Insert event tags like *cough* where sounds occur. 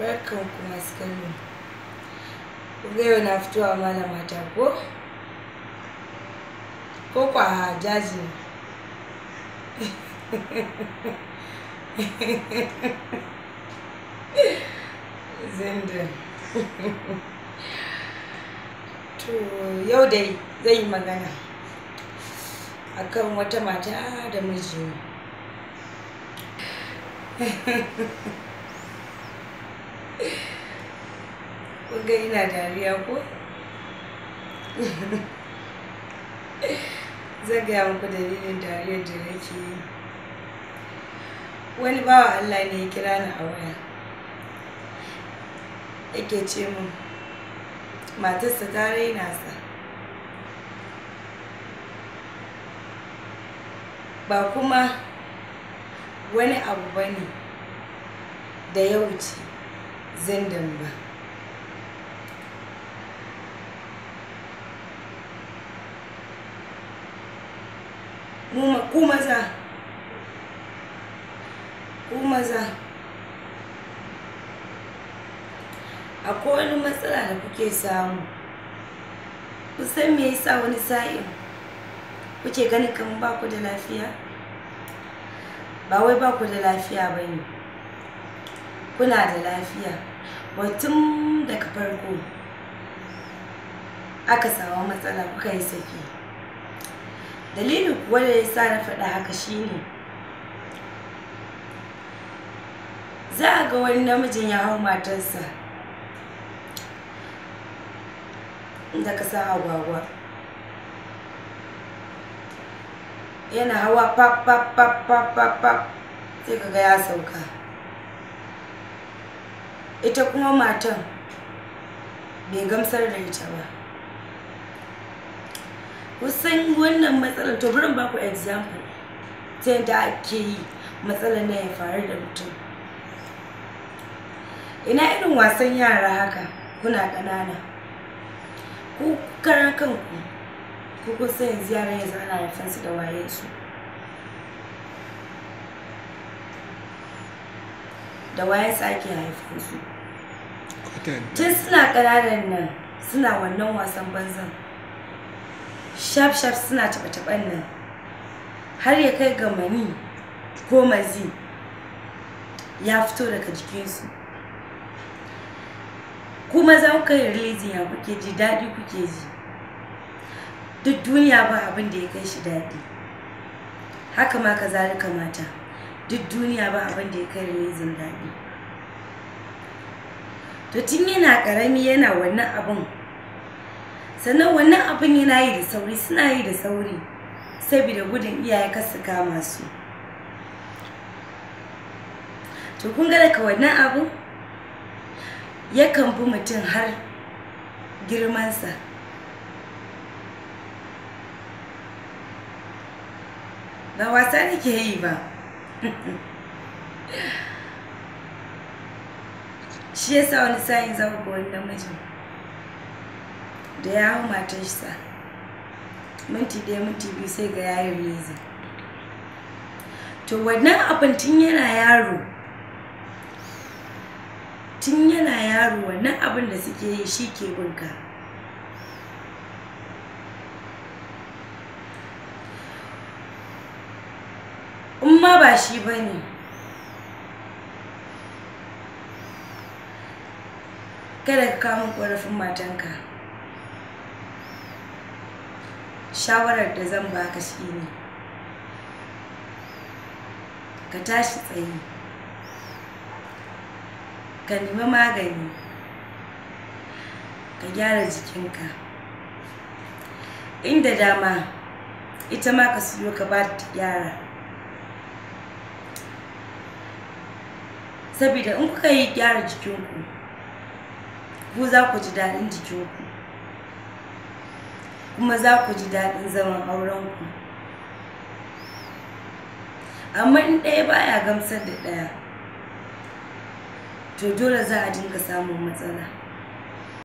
barkan ku masu kallo kunga yau na fitowa malama mata ko ko kwa jaji *laughs* zindin *laughs* to yau dai zai yi magana akan wata mata da miji *laughs* ga ina dariya ko zan gaya muku dalilin dariyar da nake yi wani bawa allah ne ya kira ni a waya yake ce min matarsa ta raina sa ba kuma wani abu ba ne da ya wuce zindan ba ku maza ku maza akwai wani matsala da kuke samu kusan me yasa wani sa'in kuke gani kamar ba ku da lafiya ba wai ba da lafiya ba ne kuna da lafiya batun daga farko aka samu matsala kuka yi saki dalilin kuwa da ya sa na faɗa haka shine za a ga wani namijin ya hau matarsa da ka sa agwagwa yana hawa pap sai ka ga ya sauka ita kuma matan bai gamsar da ita ba kusan wannan matsalar to bari ba ku example ta yadda ake yi matsalar na ya faru da mutum ina irin wasan yara haka kuna ƙanana ku karan kanku ku kusa yanzu yaran yanzu ana su da su da su ake haifansu tun suna ƙananan nan suna wannan wasan banzan shaf shaf suna taɓa taɓan nan har ya kai ga mani ko mazi ya fito daga jikinsu kuma za ku kai rilizin ya kuke ji daɗi kuke ji duk duniya ba abin da ya kai shi daɗi haka ma ka zalika mata duk duniya ba abin da ya kai rilizin daɗi to tun yana ƙarami yana wannan abin sannan wannan abin yana yi da sauri suna yi da sauri saboda gudun iyaye kar su kama su to kun ga daga wannan abu yakan bi mutum har girmansa ba wasa nake yi ba *laughs* shi yasa wani sa'in zama ga wani namijin da ya hau matarsa minti ɗaya minti biyu sai ga yayin rezi to wannan abin tun yana yaro tun yana yaro wannan abin da suke yi shi ke binka in ma ba shi ba ne kada ka kama ƙorafin matanka shawarar da zan baka shine ka tashi tsaye ka nemi magani ka gyara jikinka inda dama ita ma ka siyo ka ba ta gyara saboda in kuka yi gyara jikinku ku za ku ji daɗin jikinku kuma za ku ji daɗin zaman aurenku amma in ɗaya baya gamsar da ɗaya to dole za a dinga samun matsala